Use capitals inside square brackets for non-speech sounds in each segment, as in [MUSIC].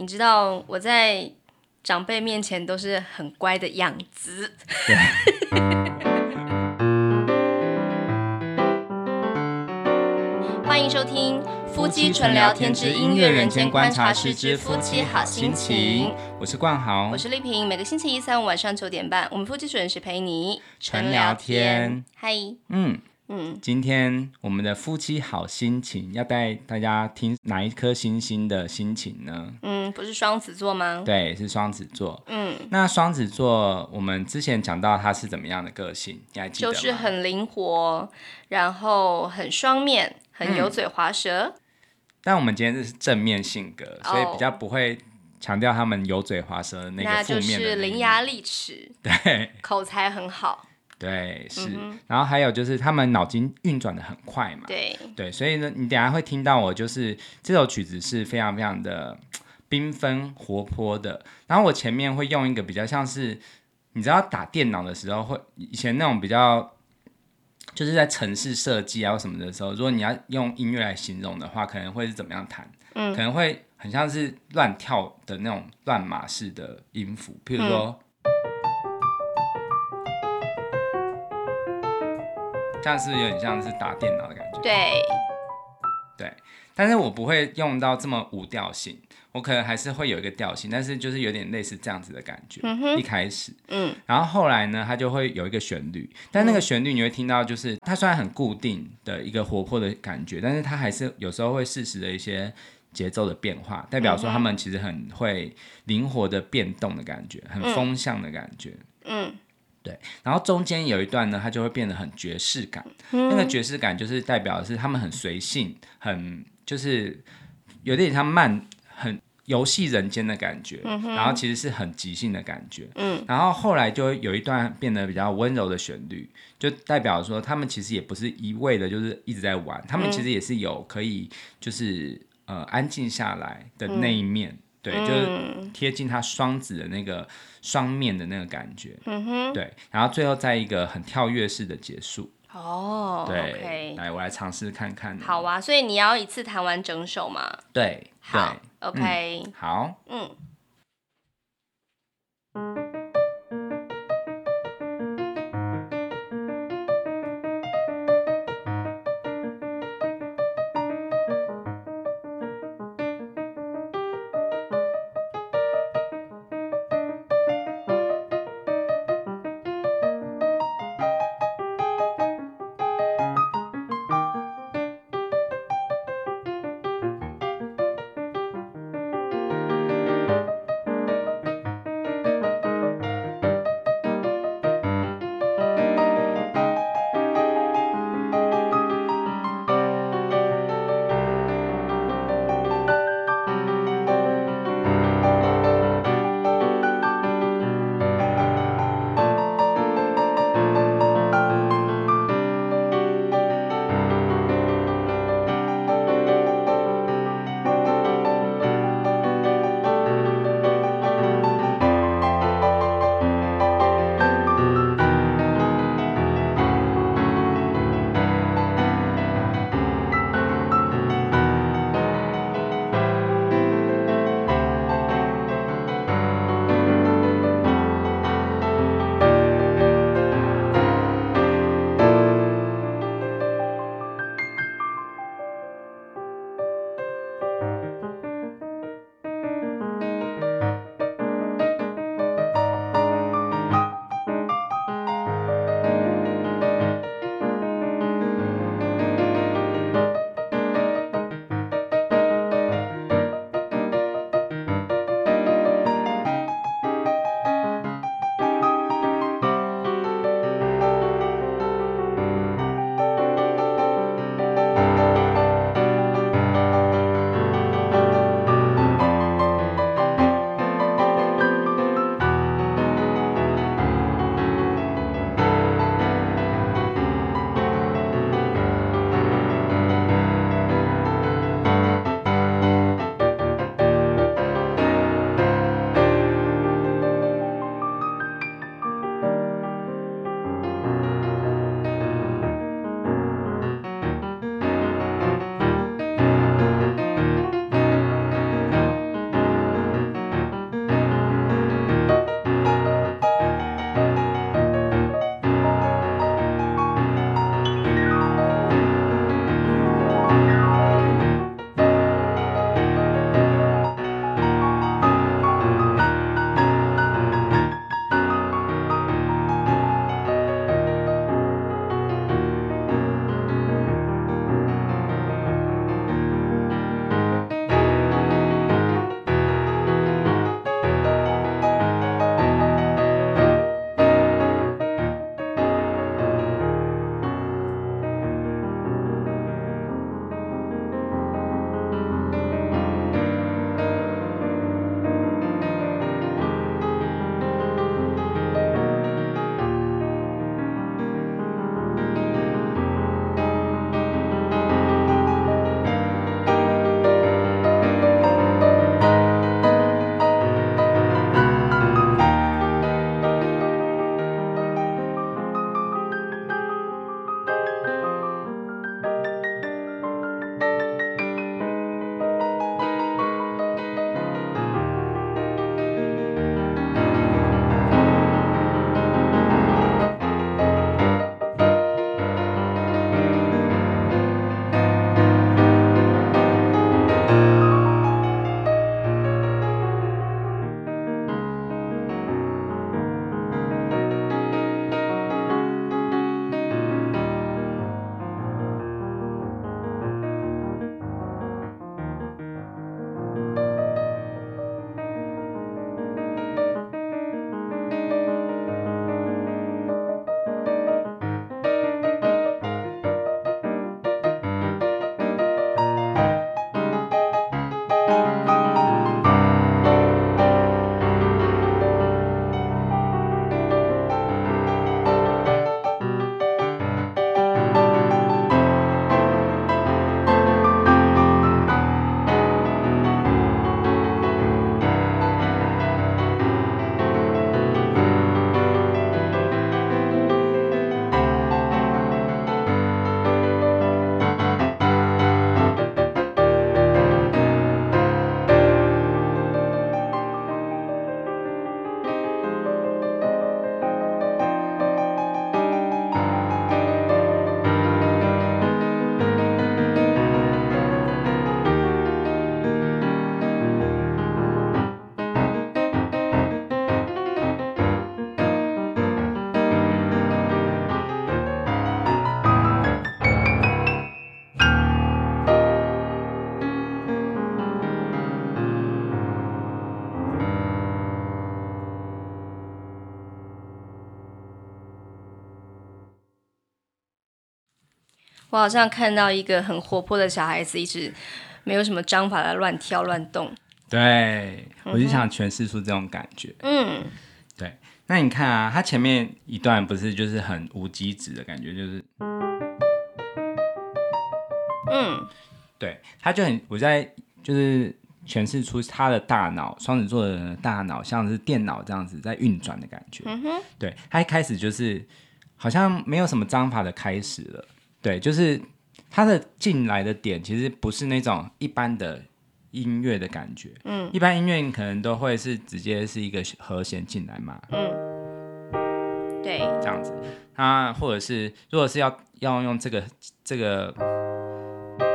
你知道我在長輩面前都是很乖的樣子。 [LAUGHS] 歡迎收聽夫妻純聊天之音樂人間觀察室之夫妻好星琴，我是冠豪，我是麗萍，每個星期一、三、五晚上九點半，我們夫妻準時陪你純聊天。嗨，嗯。嗯，今天我們的夫妻好心情要帶大家聽哪一顆星星的心情呢？嗯，不是雙子座嗎？對，是雙子座。嗯，那雙子座我們之前講到他是怎麼樣的個性，你還記得嗎？就是很靈活，然後很雙面，很油嘴滑舌、嗯。但我們今天是正面性格，哦、所以比較不會強調他們油嘴滑舌的那個負面的、那個、那就是伶牙俐齒，對，口才很好。對，是、嗯，然後還有就是他們腦筋運轉的很快嘛，對，對，所以呢，你等下會聽到我就是這首曲子是非常非常的繽紛活潑的，然後我前面會用一個比較像是，你知道打電腦的時候會，會以前那種比較，就是在程式設計啊什麼的時候，如果你要用音樂來形容的話，可能會是怎麼樣彈？嗯、可能會很像是亂跳的那種亂碼式的音符，譬如說。嗯像是，是有點像是打電腦的感覺？對，對，但是我不會用到這麼無調性，我可能還是會有一個調性，但是就是有點類似這樣子的感覺。嗯。一開始，嗯，然後後來呢，它就會有一個旋律，但那個旋律你會聽到，就是它雖然很固定的一個活潑的感覺，但是它還是有時候會適時的一些節奏的變化，代表說他們其實很會靈活的變動的感覺，很風向的感覺。嗯。嗯對，然後中間有一段呢，它就會變得很爵士感，嗯、那個爵士感就是代表的是他們很隨性，很就是有點像慢，很遊戲人間的感覺，嗯、然後其實是很即興的感覺、嗯，然後後來就有一段變得比較溫柔的旋律，就代表說他們其實也不是一味的就是一直在玩，他們其實也是有可以就是呃安靜下來的那一面。嗯對，嗯、就是貼近他雙子的那個雙面的那個感覺，嗯哼，對，然後最後再一個很跳躍式的結束，哦，對，okay、來我來嘗試看看，好啊，所以你要一次彈完整首嘛？對，好對，OK、嗯、好，嗯。我好像看到一個很活潑的小孩子，一直沒有什麼章法的亂跳亂動。對，嗯、我就想詮釋出這種感覺。嗯，對。那你看啊，他前面一段不是就是很無機質的感覺，就是嗯，對，他就很，我就在就是詮釋出他的大腦，雙子座的人的大腦像是電腦這樣子在運轉的感覺。嗯哼。對，他一開始就是好像沒有什麼章法的開始了。對，就是他的進來的點其實不是那種一般的音樂的感覺。嗯，一般音樂可能都會是直接是一個和弦進來嘛。嗯，對，這樣子。他或者是如果是要要用這個這個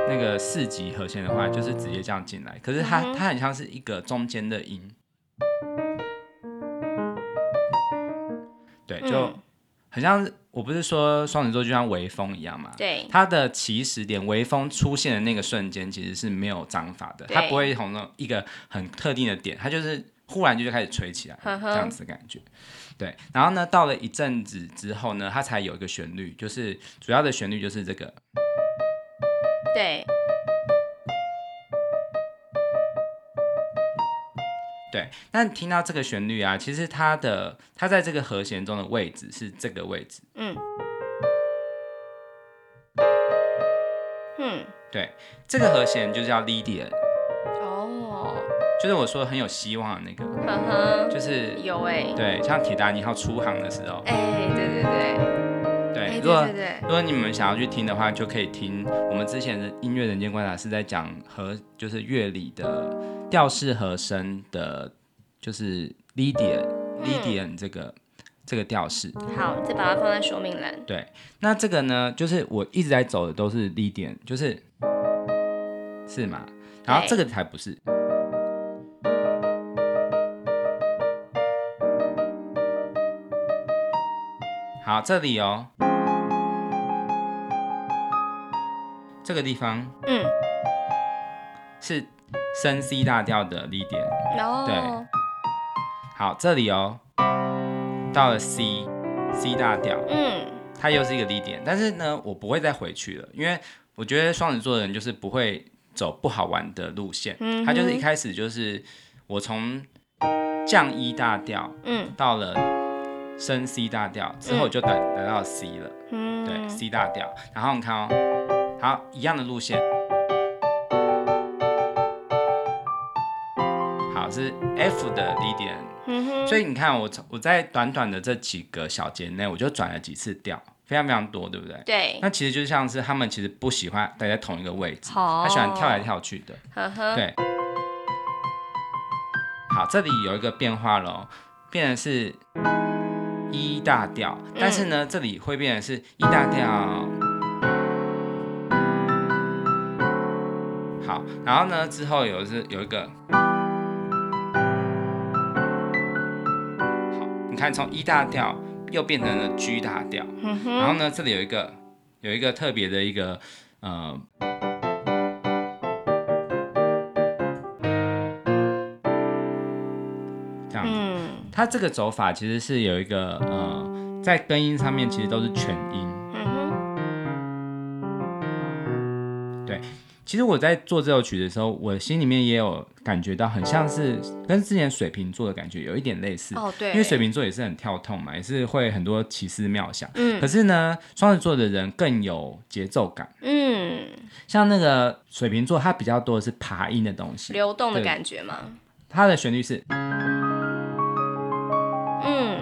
那個四級和弦的話，就是直接這樣進來。可是它他、嗯、很像是一個中間的音。對，就很像是。我不是說雙子座就像微風一樣嘛，對，它的起始點，微風出現的那個瞬間其實是沒有章法的，它不會從那一個很特定的點，它就是忽然就就開始吹起來呵呵，這樣子的感覺，對。然後呢，到了一陣子之後呢，它才有一個旋律，就是主要的旋律就是這個，對。對，那聽到這個旋律啊，其實它的它在這個和弦中的位置是這個位置。嗯，嗯，對，這個和弦就叫 Lydian 哦，就是我說的很有希望的那個，呵呵就是有哎，欸，對，像鐵達尼號出航的時候。哎，欸，對對對，對，欸，對對對，如果如果你們想要去聽的話，就可以聽我們之前的音樂人間觀察室在講和就是樂理的。調式和聲的，就是 Lydian Lydian 這個這個調式。好，再把它放在說明欄。對，那這個呢，就是我一直在走的都是 Lydian 就是是嗎？然後這個才不是。好，這裡哦，這個地方，嗯，是。升 C 大調的低點，oh. 對，好，這裡哦，到了 C，C 大調，嗯，它又是一個低點，但是呢，我不會再回去了，因為我覺得雙子座的人就是不會走不好玩的路線，他、嗯、就是一開始就是我從降 E 大調，嗯，到了升 C 大調之後就，就等得到了 C 了，嗯、對，C 大調，然後你看哦，好，一樣的路線。是 F 的低點、嗯，所以你看我從我在短短的這幾個小節內，我就轉了幾次調，非常非常多，對不對？對。那其實就像是他們其實不喜歡待在同一個位置，他喜歡跳來跳去的呵呵。對。好，這裡有一個變化了，變成是 E 大調、嗯，但是呢，這裡會變成是 E 大調、嗯。好，然後呢，之後有是有一個。你看，從 E 大調又變成了 G 大調、嗯，然後呢，這裡有一個有一個特別的一個呃、嗯，這樣子，它這個走法其實是有一個呃，在根音上面其實都是全音。其實我在做這首曲的時候，我心裡面也有感覺到很像是跟之前水瓶座的感覺有一點類似哦，對，因為水瓶座也是很跳痛嘛，也是會很多奇思妙想。嗯，可是呢，雙子座的人更有節奏感。嗯，像那個水瓶座，它比較多的是爬音的東西的，流動的感覺嘛。它的旋律是，嗯，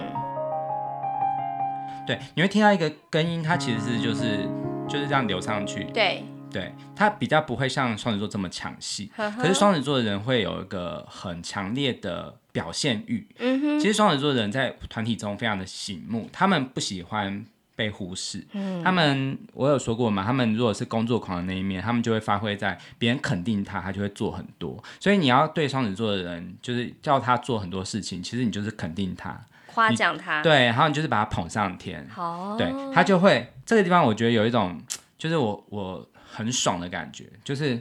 對，你會聽到一個根音，它其實是就是就是這樣流上去。對。對，他比較不會像雙子座這麼搶戲，可是雙子座的人會有一個很強烈的表現欲。嗯哼，其實雙子座的人在團體中非常的醒目，他們不喜歡被忽視。嗯，他們我有說過嘛，他們如果是工作狂的那一面，他們就會發揮在別人肯定他，他就會做很多。所以你要對雙子座的人，就是叫他做很多事情，其實你就是肯定他，誇獎他，對，然後你就是把他捧上天。好，哦，對他就會這個地方，我覺得有一種就是我我。很爽的感覺，就是，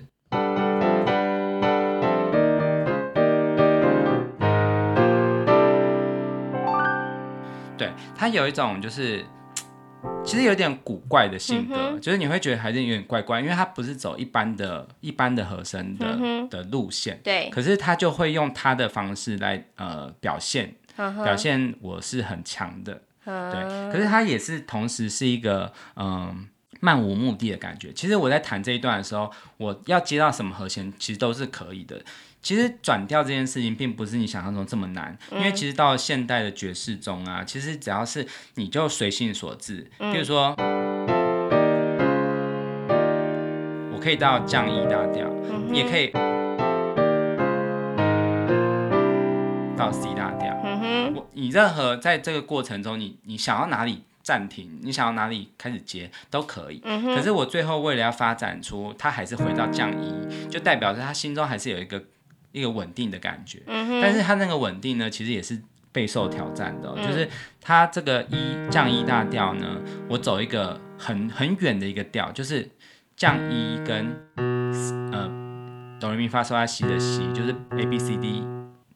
對，他有一種就是，其實有點古怪的性格，嗯、就是你會覺得還是有點怪怪，因為他不是走一般的、一般的和聲的、嗯、的路線，對，可是他就會用他的方式來呃表現，表現我是很強的、嗯，對，可是他也是同時是一個嗯。呃漫無目的的感覺。其實我在彈這一段的時候，我要接到什麼和絃，其實都是可以的。其實轉調這件事情，並不是你想象中這麼難、嗯，因為其實到了現代的爵士中啊，其實只要是你就隨性所致。比、嗯、如說，我可以到降一、E、大調、嗯，也可以到 C 大調、嗯。我你任何在這個過程中，你你想要哪裡？暫停，你想要哪裡開始接都可以。嗯哼。可是我最後為了要發展出，他還是回到降 E，就代表着他心中還是有一個一個穩定的感覺。嗯哼。但是他那個穩定呢，其實也是備受挑戰的，就是他這個以降 E 大調呢，我走一個很很遠的一個調，就是降 E 跟呃哆來咪發嗦拉西的西，就是 A B C D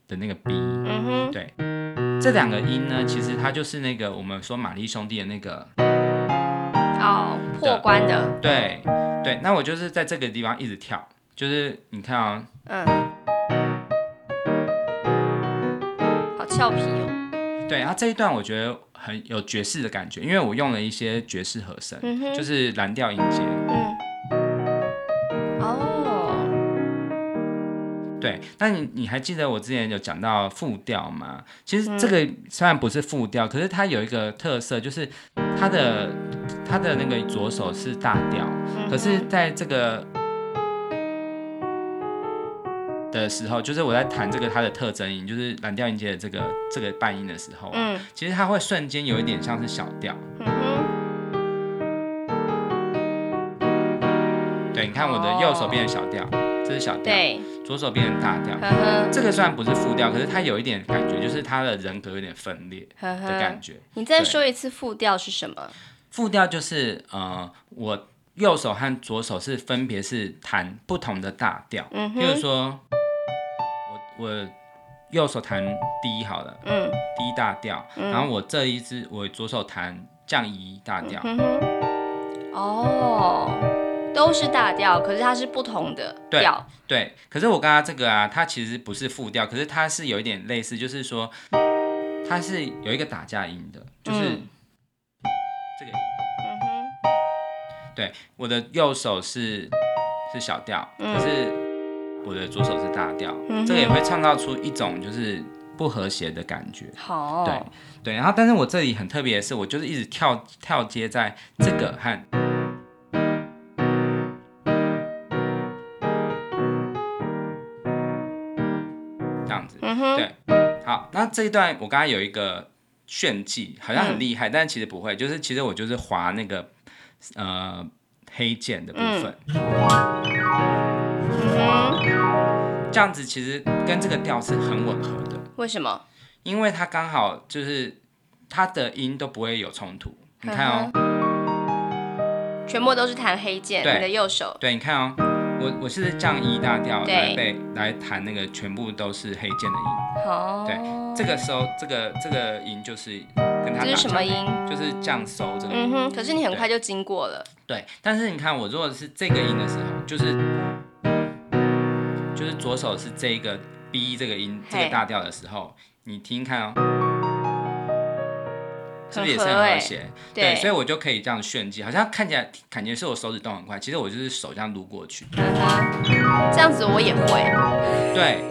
的那個 B。對。這兩個音呢，其實它就是那個我們說瑪麗兄弟的那個的，哦，破關的，對對。那我就是在這個地方一直跳，就是你看啊、哦，嗯，好俏皮哦。對，然後這一段我覺得很有爵士的感覺，因為我用了一些爵士和聲，嗯、就是藍調音階，嗯。對，那你你還記得我之前有講到複調嗎？其實這個雖然不是複調，可是它有一個特色，就是它的它的那個左手是大調，可是在這個的時候，就是我在彈這個它的特徵音，就是藍調音階的這個這個半音的時候啊，嗯，其實它會瞬間有一點像是小調。對，你看我的右手變成小調。這是小調，對，左手變成大調，這個雖然不是副調，可是它有一點感覺，就是他的人格有點分裂的感覺。呵呵，你再說一次副調是什麼？副調就是呃，我右手和左手是分別是彈不同的大調，嗯哼就是說，我我右手彈 D 好了，嗯，D 大調，嗯，然後我這一支我左手彈降 E 大調，哦，嗯。Oh. 都是大調，可是它是不同的調。對，對。可是我剛剛這個啊，它其實不是副調，可是它是有一點類似，就是說它是有一個打架音的，就是、嗯、這個。嗯哼。對，我的右手是是小調、嗯，可是我的左手是大調、嗯，這個也會創造出一種就是不和諧的感覺。好、哦。對，對。然後，但是我這裡很特別的是，我就是一直跳跳接在這個和、嗯。那這一段我剛剛有一個炫技，好像很厲害，嗯，但其實不會。就是其實我就是滑那個呃黑鍵的部分，嗯，這樣子其實跟這個調是很吻合的。為什麼？因為它剛好就是它的音都不會有衝突，呵呵。你看哦，全部都是彈黑鍵，你的右手。對，你看哦。我我是降 E 大調來背來彈那個全部都是黑鍵的音。好、oh.，對，這個時候這個這個音就是跟它。這是什麼音？就是降收這個音。嗯哼，可是你很快就經過了對。對，但是你看我如果是這個音的時候，就是就是左手是這個 B 這個音、hey. 這個大調的時候，你聽聽看哦。是不是也是很和諧，欸？對，所以我就可以這樣炫技，好像看起來感覺是我手指動很快，其實我就是手這樣擼過去呵呵。這樣子我也會。對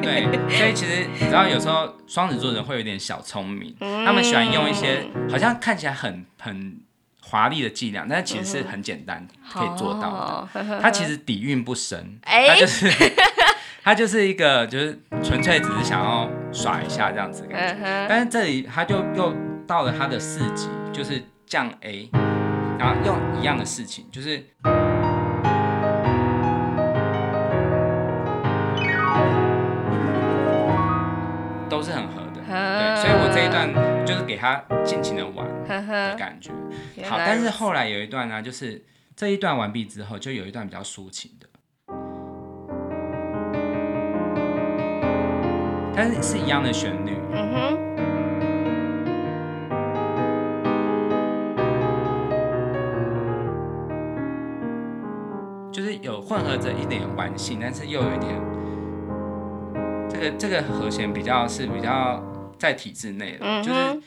對，所以其實你知道，有時候雙子座的人會有點小聰明，嗯，他們喜歡用一些好像看起來很很華麗的伎倆，但是其實是很簡單、嗯、可以做到的。他其實底蘊不深，他就是他、欸、就是一個就是純粹只是想要耍一下這樣子的、嗯。但是這裡他就又。到了他的四級，就是降 A，然後用一樣的事情，就是都是很合的，呵呵對，所以我這一段就是給他盡情的玩的感覺。呵呵好，但是後來有一段呢、啊，就是這一段完畢之後，就有一段比較抒情的，但是是一樣的旋律。嗯哼。着一點，點玩性，但是又有一點，這個這個和弦比較是比較在體制內的，就是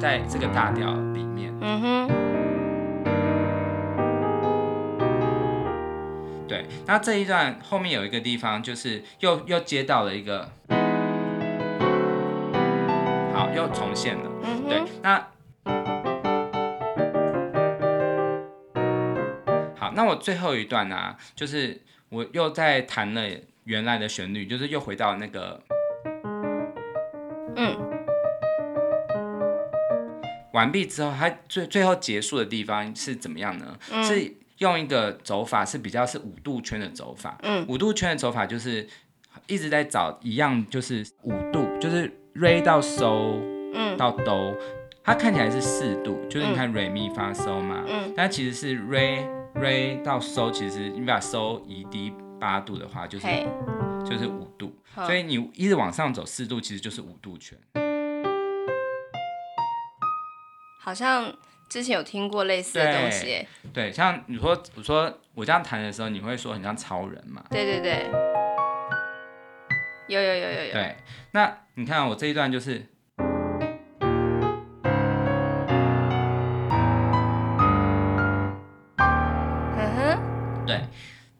在這個大調裡面，嗯。對，那這一段後面有一個地方，就是又又接到了一個，好，又重現了。嗯、對，那。那我最後一段呢、啊，就是我又在彈了原來的旋律，就是又回到那個，完畢之後，它最最後結束的地方是怎麼樣呢？嗯。是用一個走法是比較是五度圈的走法，嗯，五度圈的走法就是一直在找一樣，就是五度，就是 re 到 so、嗯、到 do，它看起來是四度，就是你看 re mi fa so 嘛，嗯，但其實是 re Re 到 So 其實你把 So 移低八度的話，就是、Okay. 就是五度，Oh. 所以你一直往上走四度，其實就是五度圈。好像之前有聽過類似的東西。對。對，像你說我說我這樣彈的時候，你會說很像超人嘛？對對對，有有有有有。對，那你看我這一段就是。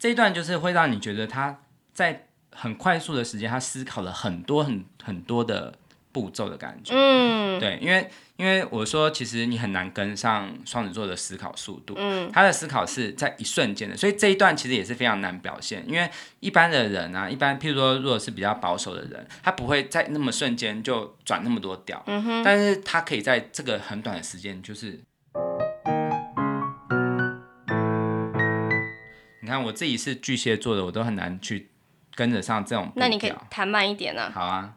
這一段就是會讓你覺得他在很快速的時間，他思考了很多，很很多的步驟的感覺。嗯，對，因為因為我說，其實你很難跟上雙子座的思考速度。嗯，他的思考是在一瞬間的，所以這一段其實也是非常難表現。因為一般的人啊，一般譬如說，如果是比較保守的人，他不會在那麼瞬間就轉那麼多調。嗯哼，但是他可以在這個很短的時間，就是。你看我自己是巨蟹座的，我都很難去跟着上這種。那你可以彈慢一點呢、啊。好啊。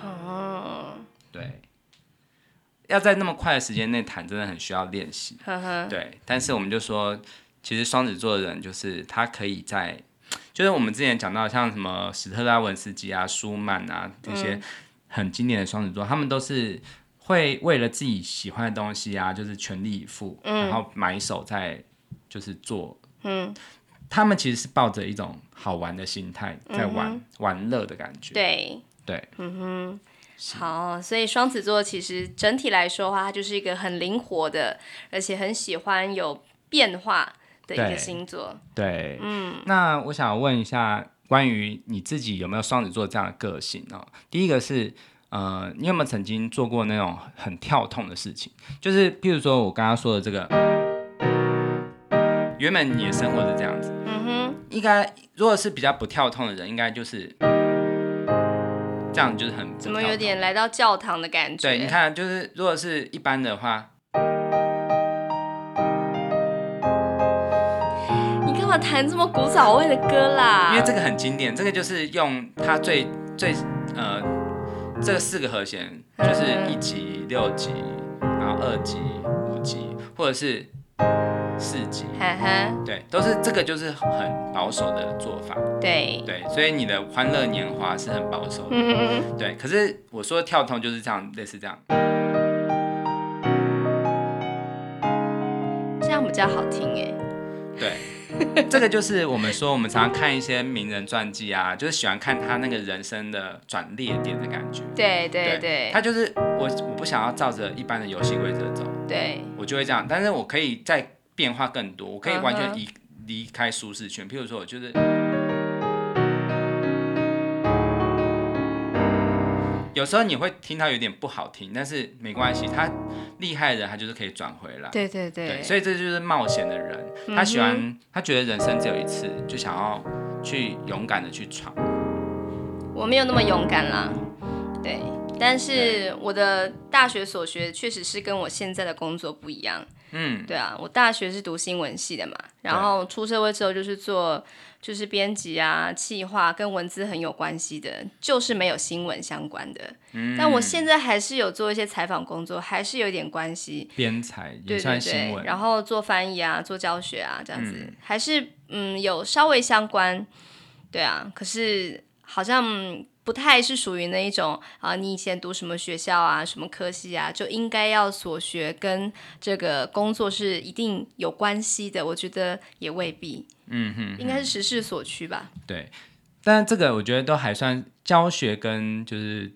哦。 [MUSIC] huh. 對。要在那麼快的時間內彈，那個、真的很需要練習。Huhhuh. 對，但是我們就說，其實雙子座的人就是他可以在。就是我們之前講到，像什麼史特拉文斯基啊、舒曼啊這些很經典的雙子座，嗯，他們都是會為了自己喜歡的東西啊，就是全力以赴，嗯、然後埋首在就是做。嗯，他們其實是抱着一種好玩的心態，在玩、嗯、玩樂的感覺。對對，嗯哼，好。所以雙子座其實整體來說的話，它就是一個很靈活的，而且很喜歡有變化。的一個星座對，對，嗯，那我想問一下，關於你自己有沒有雙子座這樣的個性呢、哦？第一個是，呃，你有沒有曾經做過那種很跳痛的事情？就是譬如說我剛剛說的這個，原本你的生活是這樣子，嗯哼，應該如果是比較不跳痛的人，應該就是這樣，就是很怎麼有點來到教堂的感覺。對，你看，就是如果是一般的話。彈這麼古早味的歌啦，因為這個很經典，這個就是用它最最呃這四個和弦，嗯、就是一級、六級，然後二級、五級，或者是四級，對，都是這個就是很保守的做法。對對，所以你的《歡樂年華》是很保守的，的、嗯。對。可是我說跳痛就是這樣，類似這樣，這樣比較好聽耶、欸。對。 [LAUGHS] 這個就是我們說，我們常常看一些名人傳記啊，就是喜歡看他那個人生的轉捩點的感覺。對對對，對他就是我，我不想要照着一般的遊戲規則走，對我就會這樣。但是我可以再變化更多，我可以完全離、uh -huh. 離開舒適圈。譬如說，我就是。有時候你會聽到有點不好聽，但是沒關係，他厲害的人他就是可以轉回來。對對對，對，所以這就是冒險的人，嗯，他喜歡他覺得人生只有一次，就想要去勇敢的去闖。我沒有那麼勇敢啦，嗯，對。但是我的大學所學確實是跟我現在的工作不一樣。嗯，對啊，我大學是讀新聞系的嘛，然後出社會之後就是做就是編輯啊、企劃，跟文字很有關係的，就是沒有新聞相關的。嗯，但我現在還是有做一些採訪工作，還是有點關係。編採也算新聞。對對對。然後做翻譯啊，做教學啊，這樣子、嗯、還是嗯有稍微相關。對啊，可是好像。不太是屬於那一種啊，你以前讀什麼學校啊，什麼科系啊，就應該要所學跟這個工作是一定有關係的。我覺得也未必，嗯哼哼，應該是時勢所趨吧。對，但這個我覺得都還算教學跟就是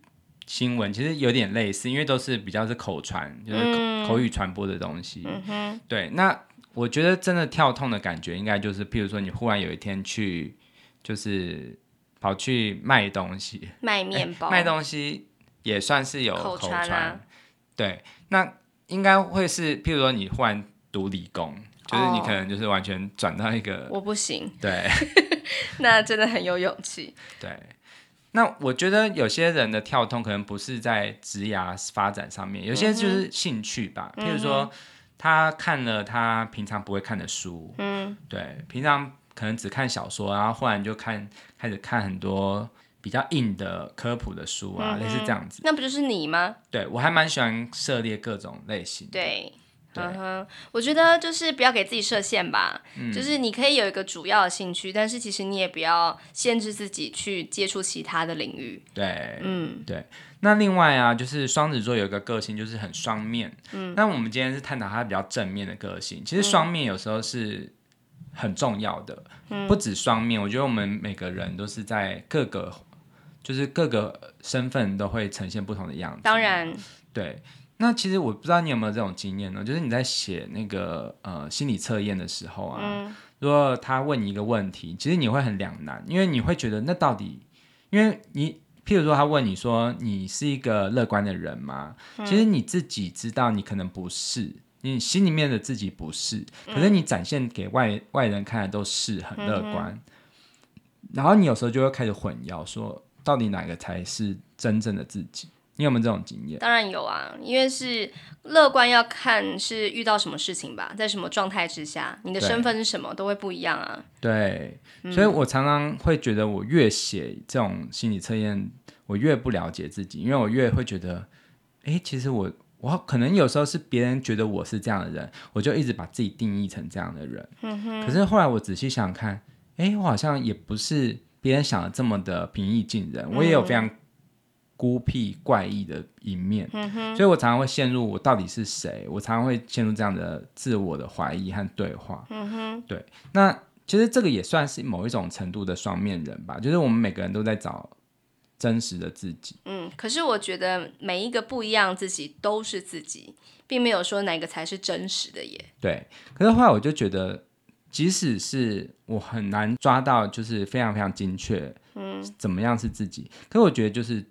新聞其實有點類似，因為都是比較是口傳，就是口、嗯、口語傳播的東西。嗯哼，對，那我覺得真的跳痛的感覺，應該就是譬如說你忽然有一天去，就是。跑去賣東西，賣麵包、欸，賣東西也算是有口傳啊。對，那應該會是，比如說你換讀理工、哦，就是你可能就是完全轉到一個我不行。對， [LAUGHS] [LAUGHS] 那真的很有勇氣。對，那我覺得有些人的跳痛可能不是在職涯發展上面，有些就是興趣吧。比、嗯、如說他看了他平常不會看的書，嗯，對，平常。可能只看小說，然後忽然就看開始看很多比較硬的科普的書啊，嗯、類似這樣子。那不就是你嗎？對，我還蠻喜歡涉獵各種類型的。對，嗯哼，我覺得就是不要給自己設限吧、嗯。就是你可以有一個主要的興趣，但是其實你也不要限制自己去接觸其他的領域。對，嗯，對。那另外啊，就是雙子座有一個個性就是很雙面。嗯，那我們今天是探討他比較正面的個性。其實雙面有時候是，嗯。很重要的，不止雙面。我覺得我們每個人都是在各個，就是各個身份都會呈現不同的樣子。當然，對。那其實我不知道你有沒有這種經驗呢？就是你在寫那個呃心理測驗的時候啊，嗯，如果他問你一個問題，其實你會很兩難，因為你會覺得那到底，因為你譬如說他問你說你是一個樂觀的人嗎？嗯。其實你自己知道你可能不是。你心裡面的自己不是，可是你展現給外、嗯、外人看的都是很樂觀、嗯，然後你有時候就會開始混淆，說到底哪個才是真正的自己？你有沒有這種經驗？當然有啊，因為是樂觀要看是遇到什麼事情吧，在什麼狀態之下，你的身份是什麼都會不一樣啊。對，嗯、所以我常常會覺得，我越寫這種心理測驗，我越不了解自己，因為我越會覺得，哎，其實我。我可能有時候是別人覺得我是這樣的人，我就一直把自己定義成這樣的人。嗯哼。可是後來我仔細想看，哎、欸，我好像也不是別人想的這麼的平易近人，我也有非常孤僻怪異的一面。嗯哼。所以我常常會陷入我到底是誰？我常常會陷入這樣的自我的懷疑和對話。嗯哼。對，那其實這個也算是某一種程度的雙面人吧，就是我們每個人都在找。真實的自己，嗯，可是我覺得每一個不一樣自己都是自己，並沒有說哪個才是真實的耶。對，可是後來我就覺得，即使是我很難抓到，就是非常非常精確，嗯，怎麼樣是自己？嗯、可是我覺得就是，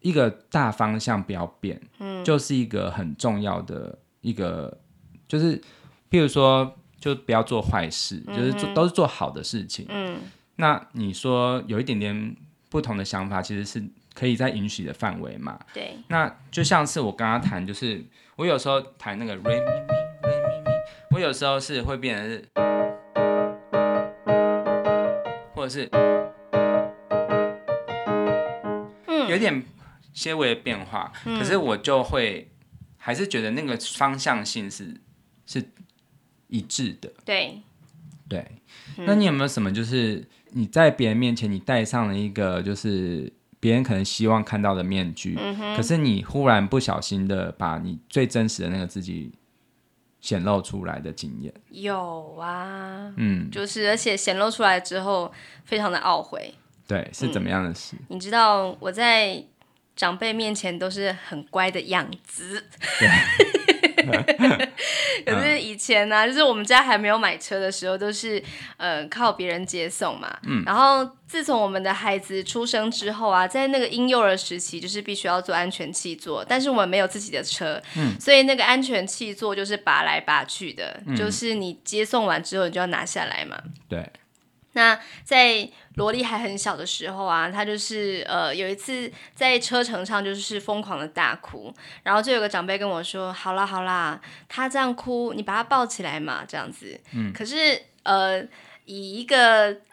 一個大方向不要變，嗯，就是一個很重要的一個，就是，譬如說，就不要做壞事、嗯，就是做都是做好的事情，嗯，那你說有一點點。不同的想法其實是可以在允許的範圍嘛。對。那就像是我跟他談，就是我有時候彈那個 remi remi，我有時候是會變成是，或者是，嗯，有點些微的變化、嗯，可是我就會還是覺得那個方向性是是一致的。對。對、嗯，那你有沒有什麼？就是你在別人面前，你戴上了一個就是別人可能希望看到的面具，嗯，可是你忽然不小心的把你最真實的那個自己顯露出來的經驗。有啊，嗯，就是而且顯露出來之後，非常的懊悔。對，是怎麼樣的事？嗯、你知道我在長輩面前都是很乖的樣子。對 [LAUGHS] [LAUGHS] 可是以前呢、啊，uh, 就是我們家還沒有買車的時候，都是呃靠別人接送嘛、嗯。然後自從我們的孩子出生之後啊，在那個嬰幼兒時期，就是必須要坐安全汽座。但是我們沒有自己的車，嗯、所以那個安全汽座就是拔來拔去的，嗯、就是你接送完之後，你就要拿下來嘛。對。那在蘿莉還很小的時候啊，她就是呃有一次在車程上就是瘋狂的大哭，然後就有個長輩跟我說：“好啦好啦，她這樣哭，你把她抱起來嘛，這樣子。”嗯，可是呃。以一個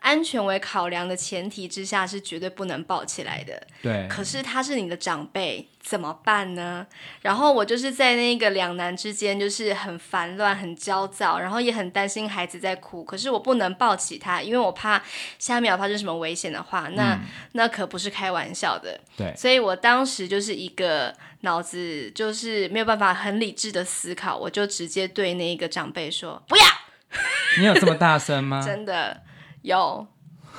安全為考量的前提之下，是絕對不能抱起來的。對，可是他是你的長輩，怎麼辦呢？然後我就是在那個兩難之間，就是很煩亂、很焦躁，然後也很擔心孩子在哭。可是我不能抱起他，因為我怕下一秒發生什麼危險的話，那、嗯、那可不是開玩笑的。對，所以我當時就是一個腦子就是沒有辦法很理智的思考，我就直接對那個長輩說：“不要。” [LAUGHS] 你有這麼大聲嗎？ [LAUGHS] 真的有，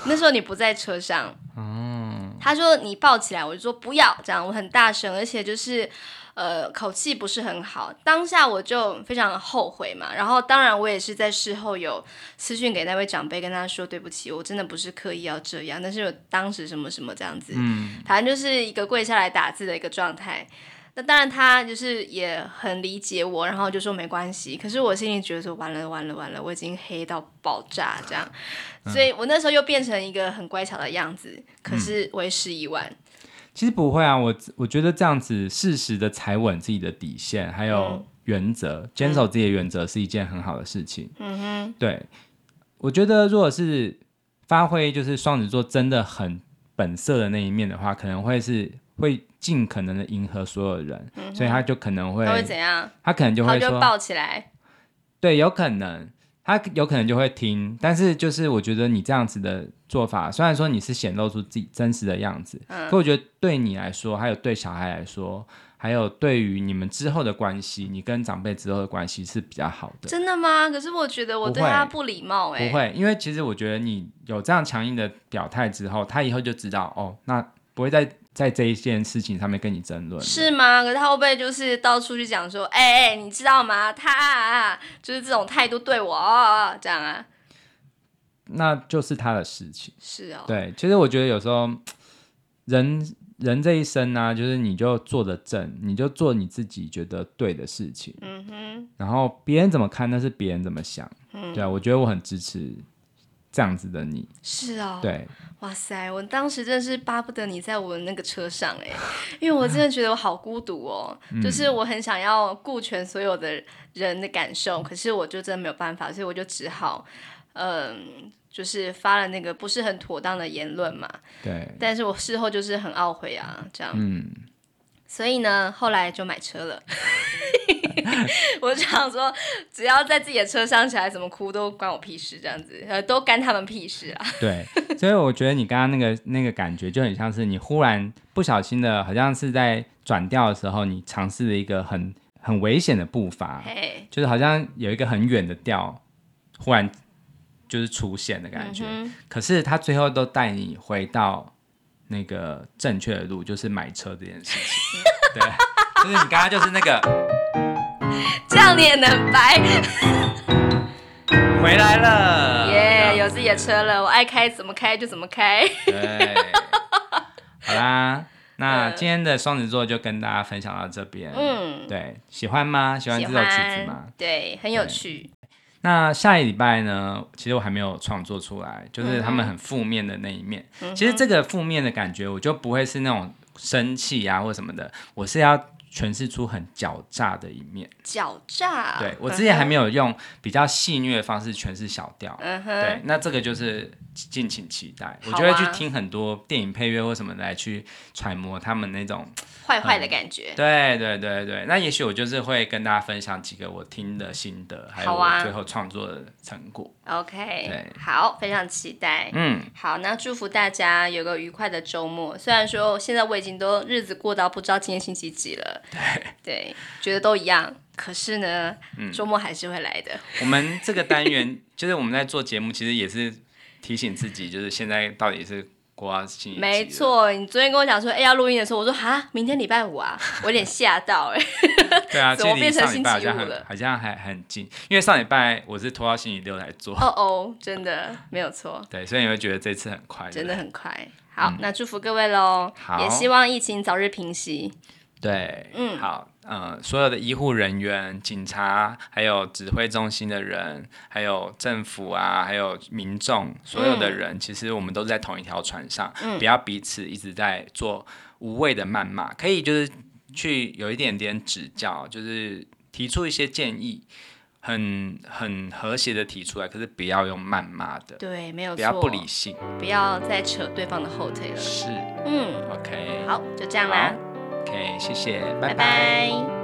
那時候你不在車上， [LAUGHS] 嗯，他說你抱起來，我就說不要這樣，我很大聲，而且就是呃，口氣不是很好，當下我就非常後悔嘛。然後當然我也是在事後有私訊給那位長輩，跟他說對不起，我真的不是刻意要這樣，但是我當時什麼什麼這樣子，嗯，反正就是一個跪下來打字的一個狀態。那當然，他就是也很理解我，然後就說沒關係。可是我心裡覺得說，完了，完了，完了，我已經黑到爆炸這樣，嗯，所以我那時候又變成一個很乖巧的樣子。可是為時已晚。其實不會啊，我我覺得這樣子適時的踩穩自己的底線，還有原則，堅、嗯、守自己的原則是一件很好的事情。嗯哼，對，我覺得如果是發揮就是雙子座真的很本色的那一面的話，可能會是。會盡可能的迎合所有人，嗯，所以他就可能會他會怎樣？他可能就會說就抱起來。對，有可能他有可能就會聽，但是就是我覺得你這樣子的做法，雖然說你是顯露出自己真實的樣子，嗯，可我覺得對你來說，還有對小孩來說，還有對於你們之後的關係，你跟長輩之後的關係是比較好的。真的嗎？可是我覺得我對他不禮貌哎，欸，不會，因為其實我覺得你有這樣強硬的表態之後，他以後就知道哦，那不會再。在這一件事情上面跟你爭論是嗎？可是他後背就是到處去講說，哎、欸、哎，你知道嗎？他就是這種態度對我這樣啊？那就是他的事情，是哦。對，其實我覺得有時候，人人這一生呢、啊，就是你就做的正，你就做你自己覺得對的事情。嗯哼。然後別人怎麼看，那是別人怎麼想、嗯。對啊，我覺得我很支持這樣子的，你是啊、哦，對，哇塞，我當時真的是巴不得你在我的那個車上哎、欸，因為我真的覺得我好孤獨哦， [LAUGHS] 就是我很想要顧全所有的人的感受、嗯，可是我就真的沒有辦法，所以我就只好，嗯、呃，就是發了那個不是很妥當的言論嘛，對，但是我事後就是很懊悔啊，這樣，嗯，所以呢，後來就買車了。 [LAUGHS] [LAUGHS] 我想說，只要在自己的車上起來，怎麼哭都關我屁事，這樣子，呃，都干他們屁事啊。對，所以我覺得你剛剛那個那個感覺，就很像是你忽然不小心的，好像是在轉調的時候，你嘗試了一個很很危險的步伐、欸，就是好像有一個很遠的調，忽然就是出現的感覺。嗯、可是他最後都帶你回到那個正確的路，就是買車這件事情。 [LAUGHS] 對，就是你剛剛就是那個。 [LAUGHS] 像你也能白， [LAUGHS] 回來了耶！Yeah, 有自己的車了，我愛開，怎麼開就怎麼開。對， [LAUGHS] 好啦，那今天的雙子座就跟大家分享到這邊。嗯，對，喜歡嗎？喜歡這首曲子嗎？對，很有趣。那下一禮拜呢？其實我還沒有創作出來，就是他們很負面的那一面。嗯、其實這個負面的感覺，我就不會是那種生氣啊或什麼的，我是要，詮釋出很狡詐的一面，狡詐。對，我之前還沒有用比較戲謔的方式詮釋小調、嗯，對，那這個就是敬請期待、啊。我就會去聽很多電影配樂或什麼來去揣摩他們那種壞壞的感覺、嗯。對對對對，那也許我就是會跟大家分享幾個我聽的心得，還有我最後創作的成果。OK，好，非常期待。嗯，好，那祝福大家有個愉快的週末。雖然說現在我已經都日子過到不知道今天星期幾了，對，對，覺得都一樣，可是呢，嗯，週末還是會來的。我們這個單元 [LAUGHS] 就是我們在做節目，其實也是提醒自己，就是現在到底是。沒錯，你昨天跟我講說，哎、欸，要錄音的時候，我說哈，明天禮拜五啊，我有點嚇到哎、欸。 [LAUGHS] 對啊，怎麼變成星期五了，好像還很，很，很近，因為上禮拜我是拖到星期六來做。哦哦，真的沒有錯。對，所以你會覺得這次很快，嗯、真的很快。好，嗯、那祝福各位嘍，也希望疫情早日平息。對，嗯，好。呃，所有的醫護人員、警察，還有指揮中心的人，還有政府啊，還有民眾，所有的人，嗯，其實我們都在同一條船上。嗯，不要彼此一直在做無謂的謾罵，可以就是去有一點點指教，就是提出一些建議，很很和諧的提出來，可是不要用謾罵的，對，沒有錯，不要不理性，不要再扯對方的後腿了。是，嗯，OK，好，就這樣啦。OK，謝謝，拜拜。拜拜。